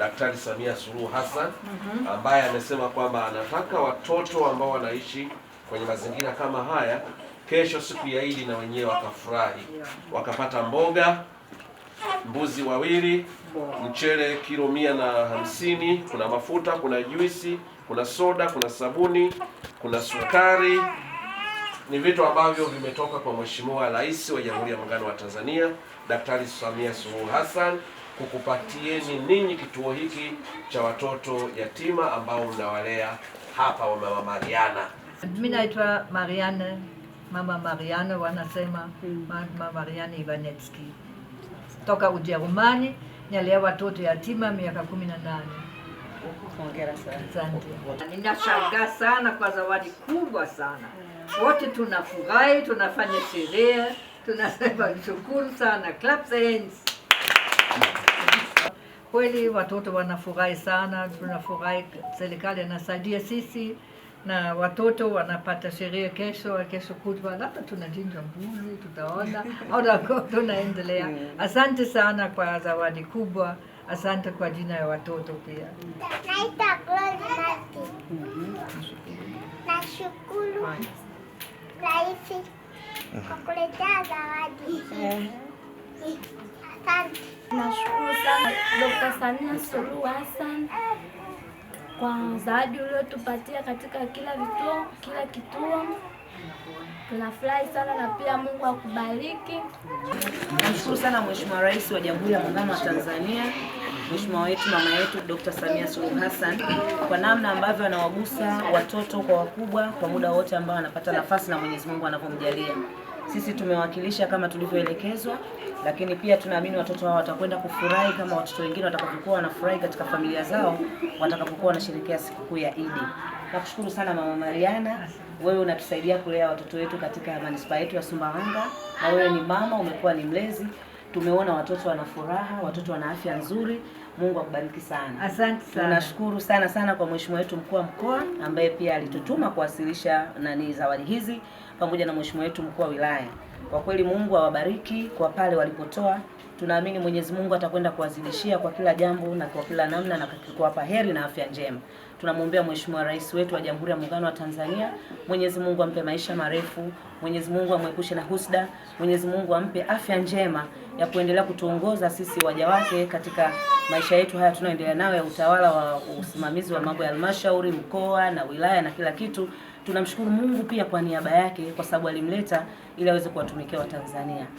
Daktari Samia Suluhu Hassan ambaye amesema kwamba anataka watoto ambao wanaishi kwenye mazingira kama haya kesho siku ya Idi na wenyewe wakafurahi, wakapata mboga, mbuzi wawili, mchele kilo mia na hamsini, kuna mafuta, kuna juisi, kuna soda, kuna sabuni, kuna sukari. Ni vitu ambavyo vimetoka kwa Mheshimiwa Rais wa Jamhuri ya Muungano wa Tanzania Daktari Samia Suluhu Hassan kukupatieni ninyi kituo hiki cha watoto yatima ambao mnawalea hapa wa mama Mariana. Mimi naitwa mariana mama mariana wanasema mama Mariana Ivanetski toka Ujerumani, nalea watoto yatima miaka kumi na nane. Hongera sana. Asante. Ninashangaa sana kwa zawadi kubwa sana. Wote tunafurahi, tunafanya sherehe, tunasema shukuru sana. Clap the hands. Kweli watoto wanafurahi sana, tunafurahi. Serikali inasaidia sisi na watoto wanapata sheria kesho, kesho kutwa, labda tunachinja mbuzi, tutaona au tunaendelea. Mm. Asante sana kwa zawadi kubwa, asante kwa jina ya watoto pia. Naitwa nashukuru Rais kwa kuletea zawadi. Eh. Asante. Dr. Samia Suluhu Hassan kwa zawadi uliotupatia katika kila vituo, kila kituo. Tunafurahi sana na pia Mungu akubariki. Namshukuru sana Mheshimiwa Rais wa Jamhuri ya Muungano wa Tanzania, Mheshimiwa wetu mama yetu Dr. Samia Suluhu Hassan kwa namna ambavyo anawagusa watoto kwa wakubwa kwa muda wote ambao anapata nafasi na Mwenyezi Mungu anapomjalia. Sisi tumewakilisha kama tulivyoelekezwa, lakini pia tunaamini watoto hao watakwenda kufurahi kama watoto wengine watakapokuwa wanafurahi katika familia zao watakapokuwa wanasherehekea sikukuu ya Idi. Nakushukuru sana Mama Mariana, wewe unatusaidia kulea watoto wetu katika manispaa yetu ya Sumbawanga, na wewe ni mama, umekuwa ni mlezi tumeona watoto wana furaha, watoto wana afya nzuri. Mungu akubariki sana. Asante sana. Tunashukuru sana sana kwa mheshimiwa wetu mkuu wa mkoa ambaye pia alitutuma kuwasilisha nani zawadi hizi pamoja na mheshimiwa wetu mkuu wa wilaya. Kwa kweli Mungu awabariki kwa pale walipotoa tunaamini Mwenyezi Mungu atakwenda kuwazidishia kwa kila jambo na kwa kila namna na kuwapa heri na afya njema. Tunamwombea Mheshimiwa Rais wetu wa Jamhuri ya Muungano wa Tanzania, Mwenyezi Mungu ampe maisha marefu, Mwenyezi Mungu amwepushe na husda, Mwenyezi Mungu ampe afya njema ya kuendelea kutuongoza sisi waja wake katika maisha yetu haya tunayoendelea nayo ya utawala wa usimamizi wa mambo ya halmashauri, mkoa na wilaya na kila kitu. Tunamshukuru Mungu pia kwa niaba yake kwa sababu alimleta ili aweze kuwatumikia Watanzania.